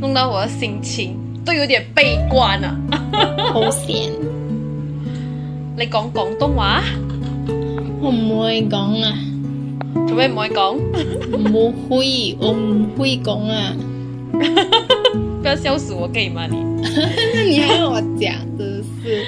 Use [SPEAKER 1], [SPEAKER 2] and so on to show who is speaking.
[SPEAKER 1] 弄到我的心情都有點悲觀了
[SPEAKER 2] 好險。
[SPEAKER 1] 你講廣東話，
[SPEAKER 2] 我不會講啊。做咩不會講？我不會，我不會講啊。 不要笑死我可以嗎你？那 你還要我講， 真是。